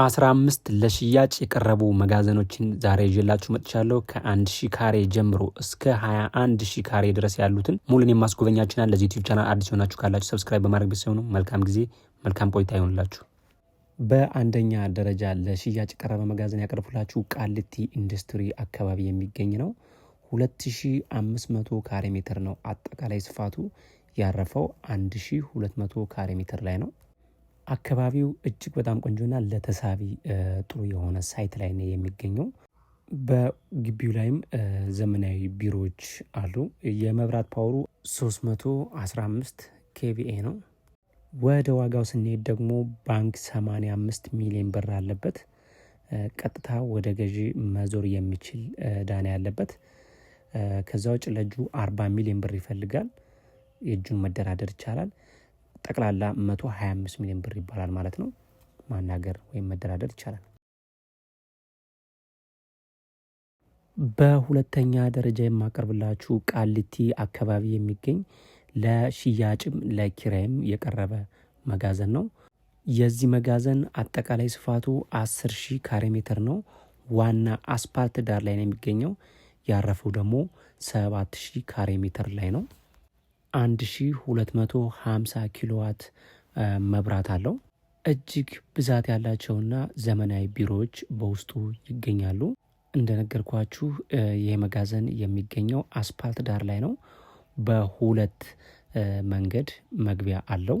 አስራ አምስት ለሽያጭ የቀረቡ መጋዘኖችን ዛሬ ይዤላችሁ መጥቻለሁ። ከአንድ ሺ ካሬ ጀምሮ እስከ ሀያ አንድ ሺ ካሬ ድረስ ያሉትን ሙሉን የማስጎበኛችናል። ለዚህ ዩቲዩብ ቻናል አዲስ ሆናችሁ ካላችሁ ሰብስክራይብ በማድረግ ቤት ሲሆኑ መልካም ጊዜ መልካም ቆይታ ይሆንላችሁ። በአንደኛ ደረጃ ለሽያጭ የቀረበ መጋዘን ያቀርብላችሁ ቃሊቲ ኢንዱስትሪ አካባቢ የሚገኝ ነው። ሁለት ሺ አምስት መቶ ካሬ ሜትር ነው አጠቃላይ ስፋቱ። ያረፈው አንድ ሺ ሁለት መቶ ካሬ ሜትር ላይ ነው። አካባቢው እጅግ በጣም ቆንጆና ለተሳቢ ጥሩ የሆነ ሳይት ላይ ነው የሚገኘው። በግቢው ላይም ዘመናዊ ቢሮዎች አሉ። የመብራት ፓወሩ 315 ኬቪኤ ነው። ወደ ዋጋው ስንሄድ ደግሞ ባንክ 85 ሚሊዮን ብር አለበት። ቀጥታ ወደ ገዢ መዞር የሚችል ዳና ያለበት። ከዛ ውጭ ለእጁ 40 ሚሊዮን ብር ይፈልጋል። የእጁን መደራደር ይቻላል። ጠቅላላ 125 ሚሊዮን ብር ይባላል ማለት ነው። ማናገር ወይም መደራደር ይቻላል። በሁለተኛ ደረጃ የማቀርብላችሁ ቃሊቲ አካባቢ የሚገኝ ለሽያጭም ለኪራይም የቀረበ መጋዘን ነው። የዚህ መጋዘን አጠቃላይ ስፋቱ 10 ሺህ ካሬ ሜትር ነው። ዋና አስፓልት ዳር ላይ ነው የሚገኘው። ያረፈው ደግሞ 7 ሺህ ካሬ ሜትር ላይ ነው። 1250 ኪሎዋት መብራት አለው። እጅግ ብዛት ያላቸውና ዘመናዊ ቢሮዎች በውስጡ ይገኛሉ። እንደነገርኳችሁ ይህ መጋዘን የሚገኘው አስፓልት ዳር ላይ ነው። በሁለት መንገድ መግቢያ አለው።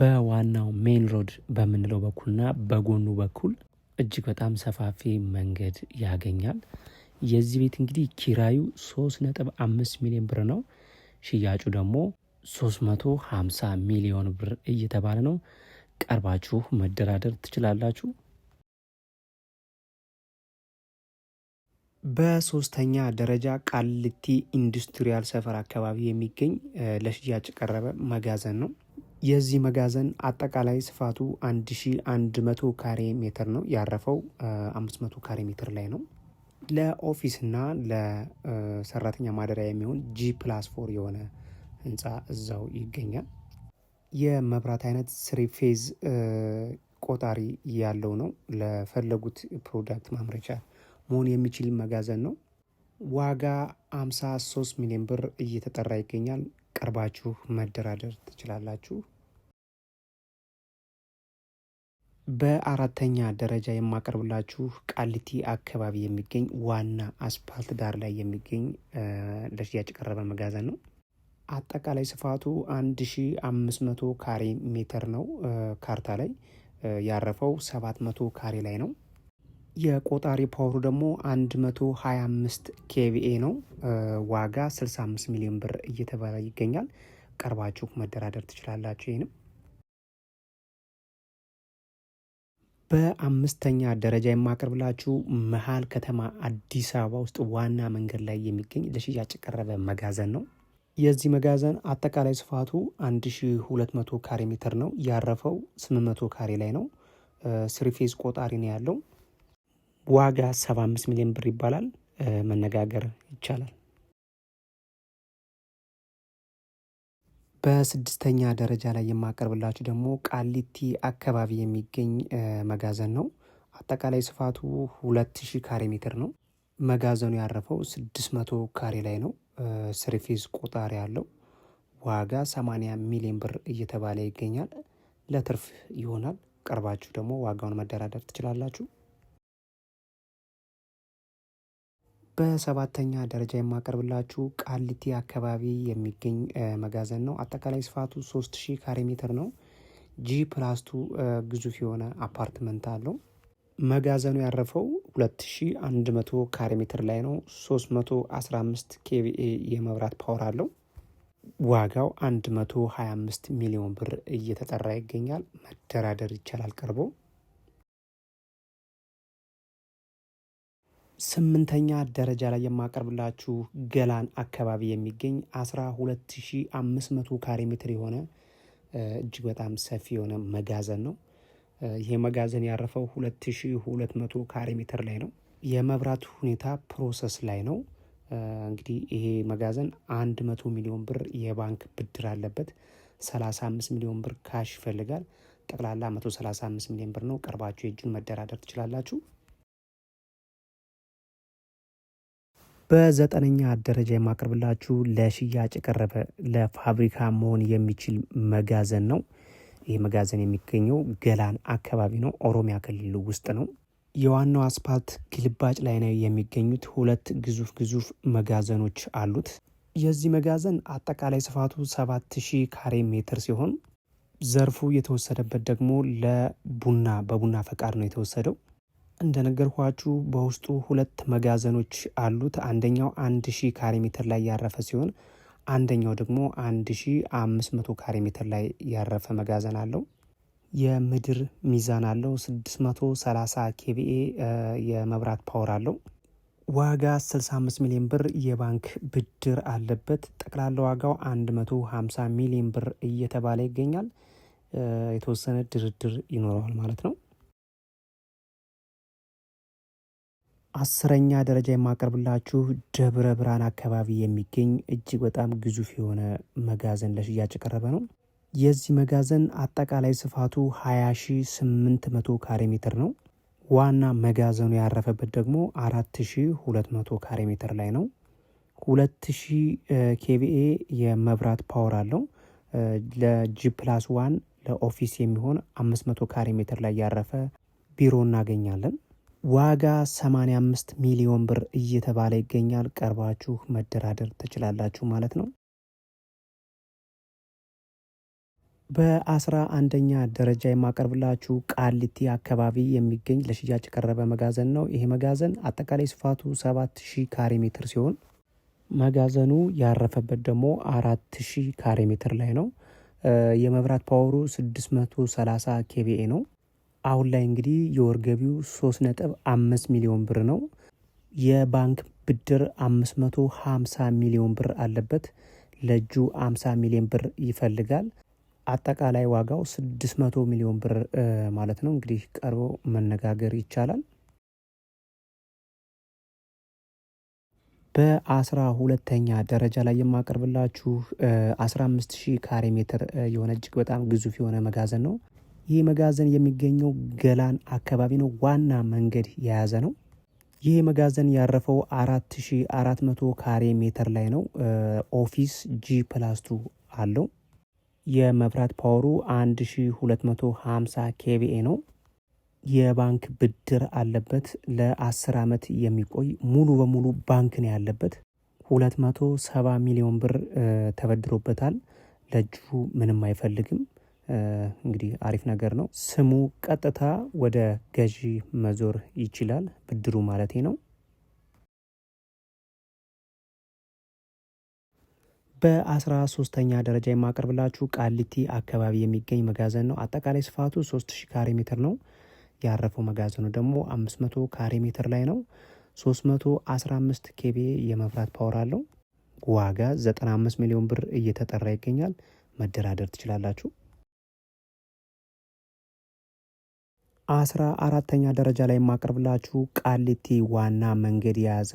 በዋናው ሜን ሮድ በምንለው በኩልና በጎኑ በኩል እጅግ በጣም ሰፋፊ መንገድ ያገኛል። የዚህ ቤት እንግዲህ ኪራዩ 3.5 ሚሊዮን ብር ነው። ሽያጩ ደግሞ 350 ሚሊዮን ብር እየተባለ ነው። ቀርባችሁ መደራደር ትችላላችሁ። በሶስተኛ ደረጃ ቃሊቲ ኢንዱስትሪያል ሰፈር አካባቢ የሚገኝ ለሽያጭ ቀረበ መጋዘን ነው። የዚህ መጋዘን አጠቃላይ ስፋቱ 1100 ካሬ ሜትር ነው። ያረፈው 500 ካሬ ሜትር ላይ ነው። ለኦፊስ ለሰራተኛ ማደሪያ የሚሆን ጂ ፕላስ ፎር የሆነ ህንፃ እዛው ይገኛል። የመብራት አይነት ስሪ ፌዝ ቆጣሪ ያለው ነው። ለፈለጉት ፕሮዳክት ማምረቻ መሆን የሚችል መጋዘን ነው። ዋጋ 53 ሚሊዮን ብር እየተጠራ ይገኛል። ቀርባችሁ መደራደር ትችላላችሁ። በአራተኛ ደረጃ የማቀርብላችሁ ቃሊቲ አካባቢ የሚገኝ ዋና አስፓልት ዳር ላይ የሚገኝ ለሽያጭ ቀረበ መጋዘን ነው። አጠቃላይ ስፋቱ 1500 ካሬ ሜትር ነው። ካርታ ላይ ያረፈው 700 ካሬ ላይ ነው። የቆጣሪ ፓወሩ ደግሞ 125 ኬቪኤ ነው። ዋጋ 65 ሚሊዮን ብር እየተባለ ይገኛል። ቀርባችሁ መደራደር ትችላላችሁ። ይህንም በአምስተኛ ደረጃ የማቀርብላችሁ መሀል ከተማ አዲስ አበባ ውስጥ ዋና መንገድ ላይ የሚገኝ ለሽያጭ የቀረበ መጋዘን ነው። የዚህ መጋዘን አጠቃላይ ስፋቱ 1200 ካሬ ሜትር ነው። ያረፈው 800 ካሬ ላይ ነው። ስሪፌዝ ቆጣሪ ነው ያለው። ዋጋ 75 ሚሊዮን ብር ይባላል። መነጋገር ይቻላል። በስድስተኛ ደረጃ ላይ የማቀርብላችሁ ደግሞ ቃሊቲ አካባቢ የሚገኝ መጋዘን ነው። አጠቃላይ ስፋቱ ሁለት ሺህ ካሬ ሜትር ነው። መጋዘኑ ያረፈው ስድስት መቶ ካሬ ላይ ነው። ስርፌስ ቆጣሪ ያለው ዋጋ 80 ሚሊዮን ብር እየተባለ ይገኛል። ለትርፍ ይሆናል። ቀርባችሁ ደግሞ ዋጋውን መደራደር ትችላላችሁ። በሰባተኛ ደረጃ የማቀርብላችሁ ቃሊቲ አካባቢ የሚገኝ መጋዘን ነው። አጠቃላይ ስፋቱ 3000 ካሬ ሜትር ነው። ጂ ፕላስቱ ግዙፍ የሆነ አፓርትመንት አለው። መጋዘኑ ያረፈው 2100 ካሬ ሜትር ላይ ነው። 315 ኬቪኤ የመብራት ፓወር አለው። ዋጋው 125 ሚሊዮን ብር እየተጠራ ይገኛል። መደራደር ይቻላል ቀርቦ ስምንተኛ ደረጃ ላይ የማቀርብላችሁ ገላን አካባቢ የሚገኝ 12500 ካሬ ሜትር የሆነ እጅግ በጣም ሰፊ የሆነ መጋዘን ነው። ይሄ መጋዘን ያረፈው 2200 ካሬ ሜትር ላይ ነው። የመብራት ሁኔታ ፕሮሰስ ላይ ነው። እንግዲህ ይሄ መጋዘን 100 ሚሊዮን ብር የባንክ ብድር አለበት። 35 ሚሊዮን ብር ካሽ ይፈልጋል። ጠቅላላ 135 ሚሊዮን ብር ነው። ቀርባችሁ የእጁን መደራደር ትችላላችሁ። በዘጠነኛ ደረጃ የማቀርብላችሁ ለሽያጭ የቀረበ ለፋብሪካ መሆን የሚችል መጋዘን ነው። ይህ መጋዘን የሚገኘው ገላን አካባቢ ነው፣ ኦሮሚያ ክልል ውስጥ ነው። የዋናው አስፓልት ግልባጭ ላይ ነው የሚገኙት። ሁለት ግዙፍ ግዙፍ መጋዘኖች አሉት። የዚህ መጋዘን አጠቃላይ ስፋቱ 7000 ካሬ ሜትር ሲሆን ዘርፉ የተወሰደበት ደግሞ ለቡና በቡና ፈቃድ ነው የተወሰደው። እንደነገርኳችሁ በውስጡ ሁለት መጋዘኖች አሉት። አንደኛው አንድ ሺህ ካሬ ሜትር ላይ ያረፈ ሲሆን አንደኛው ደግሞ አንድ ሺህ አምስት መቶ ካሬ ሜትር ላይ ያረፈ መጋዘን አለው። የምድር ሚዛን አለው። 630 ኬቪኤ የመብራት ፓወር አለው። ዋጋ 65 ሚሊዮን ብር የባንክ ብድር አለበት። ጠቅላላ ዋጋው 150 ሚሊዮን ብር እየተባለ ይገኛል። የተወሰነ ድርድር ይኖረዋል ማለት ነው። አስረኛ ደረጃ የማቀርብላችሁ ደብረ ብርሃን አካባቢ የሚገኝ እጅግ በጣም ግዙፍ የሆነ መጋዘን ለሽያጭ የቀረበ ነው። የዚህ መጋዘን አጠቃላይ ስፋቱ 20800 ካሬ ሜትር ነው። ዋና መጋዘኑ ያረፈበት ደግሞ 4200 ካሬ ሜትር ላይ ነው። 2000 ኬቪኤ የመብራት ፓወር አለው። ለጂ ፕላስ ዋን ለኦፊስ የሚሆን 500 ካሬ ሜትር ላይ ያረፈ ቢሮ እናገኛለን። ዋጋ 85 ሚሊዮን ብር እየተባለ ይገኛል። ቀርባችሁ መደራደር ትችላላችሁ ማለት ነው። በአስራ አንደኛ ደረጃ የማቀርብላችሁ ቃሊቲ አካባቢ የሚገኝ ለሽያጭ የቀረበ መጋዘን ነው። ይሄ መጋዘን አጠቃላይ ስፋቱ 7000 ካሬ ሜትር ሲሆን መጋዘኑ ያረፈበት ደግሞ 4000 ካሬ ሜትር ላይ ነው። የመብራት ፓወሩ 630 ኬቪኤ ነው። አሁን ላይ እንግዲህ የወር ገቢው ሶስት ነጥብ አምስት ሚሊዮን ብር ነው። የባንክ ብድር አምስት መቶ ሀምሳ ሚሊዮን ብር አለበት። ለእጁ አምሳ ሚሊዮን ብር ይፈልጋል። አጠቃላይ ዋጋው ስድስት መቶ ሚሊዮን ብር ማለት ነው። እንግዲህ ቀርቦ መነጋገር ይቻላል። በአስራ ሁለተኛ ደረጃ ላይ የማቀርብላችሁ አስራ አምስት ሺህ ካሬ ሜትር የሆነ እጅግ በጣም ግዙፍ የሆነ መጋዘን ነው። ይህ መጋዘን የሚገኘው ገላን አካባቢ ነው። ዋና መንገድ የያዘ ነው። ይህ መጋዘን ያረፈው 4400 ካሬ ሜትር ላይ ነው። ኦፊስ ጂ ፕላስቱ አለው። የመብራት ፓወሩ 1250 ኬቪኤ ነው። የባንክ ብድር አለበት። ለ10 ዓመት የሚቆይ ሙሉ በሙሉ ባንክ ነው ያለበት። 270 ሚሊዮን ብር ተበድሮበታል። ለእጁ ምንም አይፈልግም። እንግዲህ አሪፍ ነገር ነው። ስሙ ቀጥታ ወደ ገዢ መዞር ይችላል፣ ብድሩ ማለቴ ነው። በአስራ ሶስተኛ ደረጃ የማቀርብላችሁ ቃሊቲ አካባቢ የሚገኝ መጋዘን ነው። አጠቃላይ ስፋቱ 3000 ካሬ ሜትር ነው። ያረፈው መጋዘኑ ደግሞ 500 ካሬ ሜትር ላይ ነው። 315 ኬቤ የመብራት ፓወር አለው። ዋጋ 95 ሚሊዮን ብር እየተጠራ ይገኛል። መደራደር ትችላላችሁ። አስራ አራተኛ ደረጃ ላይ የማቀርብላችሁ ቃሊቲ ዋና መንገድ የያዘ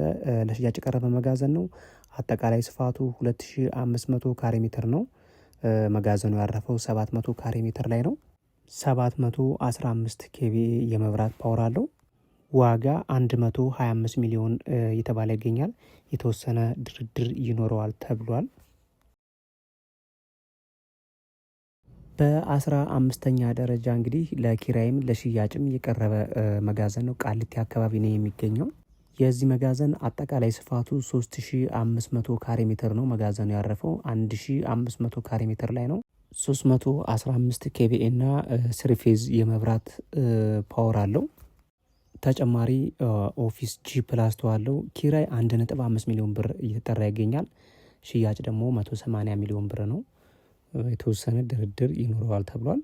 ለሽያጭ የቀረበ መጋዘን ነው። አጠቃላይ ስፋቱ 2500 ካሬ ሜትር ነው። መጋዘኑ ያረፈው 700 ካሬ ሜትር ላይ ነው። 715 ኬቪ የመብራት ፓወር አለው። ዋጋ 125 ሚሊዮን እየተባለ ይገኛል። የተወሰነ ድርድር ይኖረዋል ተብሏል። በአስራ አምስተኛ ደረጃ እንግዲህ ለኪራይም ለሽያጭም የቀረበ መጋዘን ነው። ቃሊቲ አካባቢ ነው የሚገኘው። የዚህ መጋዘን አጠቃላይ ስፋቱ 3500 ካሬ ሜትር ነው። መጋዘኑ ያረፈው 1500 ካሬ ሜትር ላይ ነው። 315 ኬቪኤ እና ስሪፌዝ የመብራት ፓወር አለው። ተጨማሪ ኦፊስ ጂ ፕላስቶ አለው። ኪራይ 1.5 ሚሊዮን ብር እየተጠራ ይገኛል። ሽያጭ ደግሞ 180 ሚሊዮን ብር ነው። የተወሰነ ድርድር ይኖረዋል ተብሏል